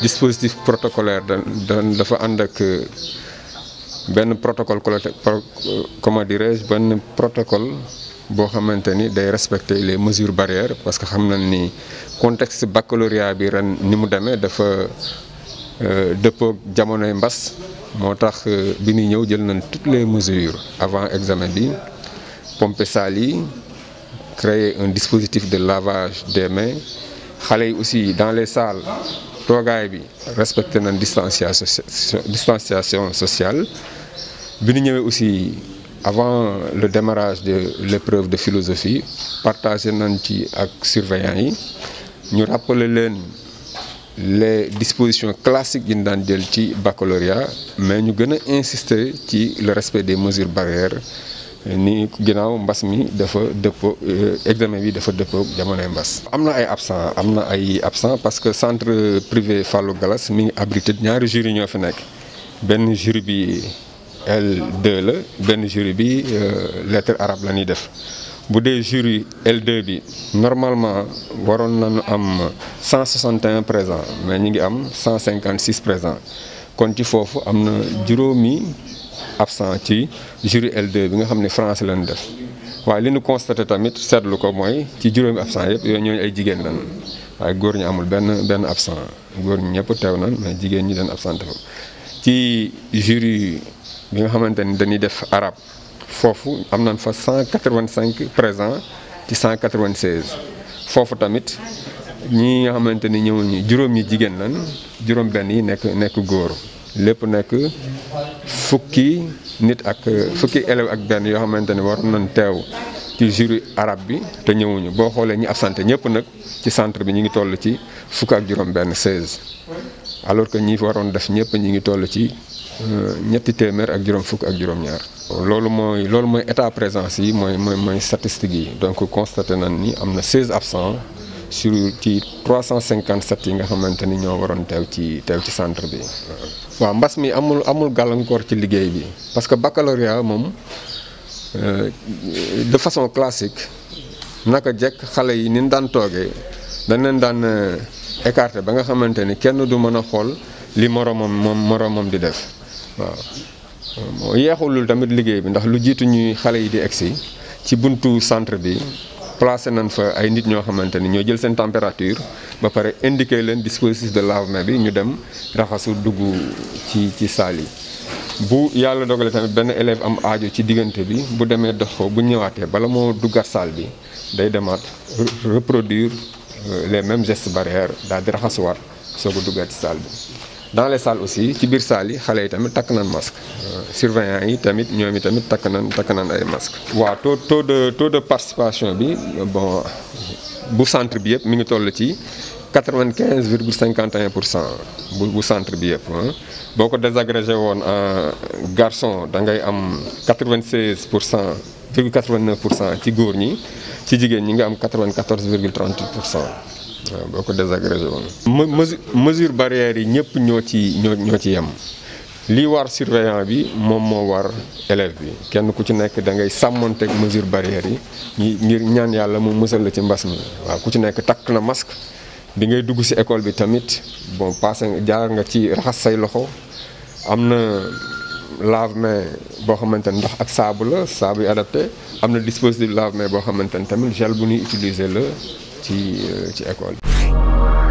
dispositif protocolaire da dafa ànd ak euh, benn protocole euh, comment dirais-je benn protocole boo xamante ni day respecter les mesures barrières parce que xam nañ ni contexte baccalauréat bi ren ni mu demee dafa euh, dëppoo jamonoy mbas moo tax bi ñuy ñëw jël nañ toutes les mesures avant examen bi pompe salle yi créer un dispositif de lavage des mains xale yi aussi dans les salles toogaay bi respecté nañ distanciation distanciation sociale bi ñu ñëwee aussi avant le démarrage de l'épreuve de philosophie partagé nañ ci ak surveillants yi ñu rappeler leen les disposition classique yi ñu daan jël ci baccalauréat mais ñu gën a insister ci le respect des mesure barrières ni ginnaaw mbas mi dafa dëppoo euh, examen bi dafa dëppoo jamonoy mbas. am na ay absent am na ay absent parce que centre privé Fallou Gallas mi ngi abrité ñaari jury ñoo fi nekk benn jury bi l benn jury bi euh, lettre arabe la ñuy def. bu dee jury L2 bi normalement waroon na nañu am 161 présents mais ñu ngi am 156 présents kon ci foofu am na juróomi. absent ci jury l bi nga xam ne France lañ def waaye li nu constaté tamit seetlu ko mooy ci juróomi absent yëpp yooyu ñooñu ay jigéen lañ waaye góor ñi amul benn benn absent góor ñi ñëpp teew nañ mais jigéen ñi dañ absent fa ci jury bi nga xamante ni dañuy def arab foofu am nañ fa 185 présents ci 196 foofu tamit ñi nga xamante ni ñëwuñu juróom yi jigéen lan juróom benn yi nekk nekk góor lépp nekk fukki nit ak fukki élève ak benn yoo xamante ni war nañ teew ci jury arab bi te ñëwuñu boo xoolee ñi absenté ñëpp nag ci centre bi ñu ngi toll ci fukk ak juróom-benn 16 alors que ñi waroon def ñëpp ñi ngi toll ci euh, ñetti téeméer ak juróom fukk ak juróom-ñaar. loolu mooy loolu mooy état présence yi mooy mooy mooy statistiques yi donc constaté nañ ni am na 16 absents. sur ci 357 yi nga xamante ni ñoo waroon teew ci teew ci centre bi. waaw mbas mi amul amul gàllankoor ci liggéey bi parce que baccalauréat moom euh, de façon classique naka jekk xale yi ni daan toogee dañ leen daan euh, écarté ba nga xamante ni kenn du mën a xool li moromam moom moromam di def waaw. yeexulul tamit liggéey bi ndax lu jiitu ñuy xale yi di si ci buntu centre bi. placé nañ fa ay nit ñoo xamante ni ñoo jël seen température ba pare indiqué leen dispositif de lavement bi ñu dem raxasu dugg ci ci saal yi bu yàlla dogalee tamit benn élève am aajo ci diggante bi bu demee dox ko bu ñëwaatee bala moo duggaat saal bi day demaat reproduire euh, les même gestes barrières daal di raxasuwaat soo ko duggaat ci saal bi dans les salles aussi ci biir saal yi xale yi tamit takk nañ masque euh, surveillant yi tamit ñoom yi tamit takk nañ takk nañ ay masque waa taux taux de taux de participation bi bon bu centre bi yëpp mi ngi toll ci quatre-vingt-quinze virgule cinquante pour cent bu bu centre bi yëpp boo ko désagrégé woon garçon da ngay am quatre pour cent virgule quatre vingt pour cent ci góor ñi ci jigéen ñi ngi am quatre-vingt-quatorze virgule pour cent waaw boo ko désagrégé woon mesure barrière yi ñëpp ñoo ci ñoo ñoo ci yem lii war surveillant bi moom moo war élève bi kenn ku ci nekk da ngay sàmmanteeg mesure barrière yi ñi ngir ñaan yàlla mu mësal la ci mbas mi waaw ku ci nekk takk na masque bi ngay dugg si école bi tamit bon passé jaar nga ci raxas say loxo am na lave-main boo xamante ne ndox ak saabu la saabu adapté am na dispositif lave-main boo xamante ne tamit gel bu ñuy utiliser la ci euh, ci école bi